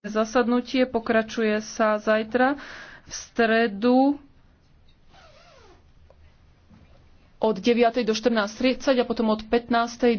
Zasadnutie pokračuje sa zajtra v stredu od 9. do 14.30 a potom od 15.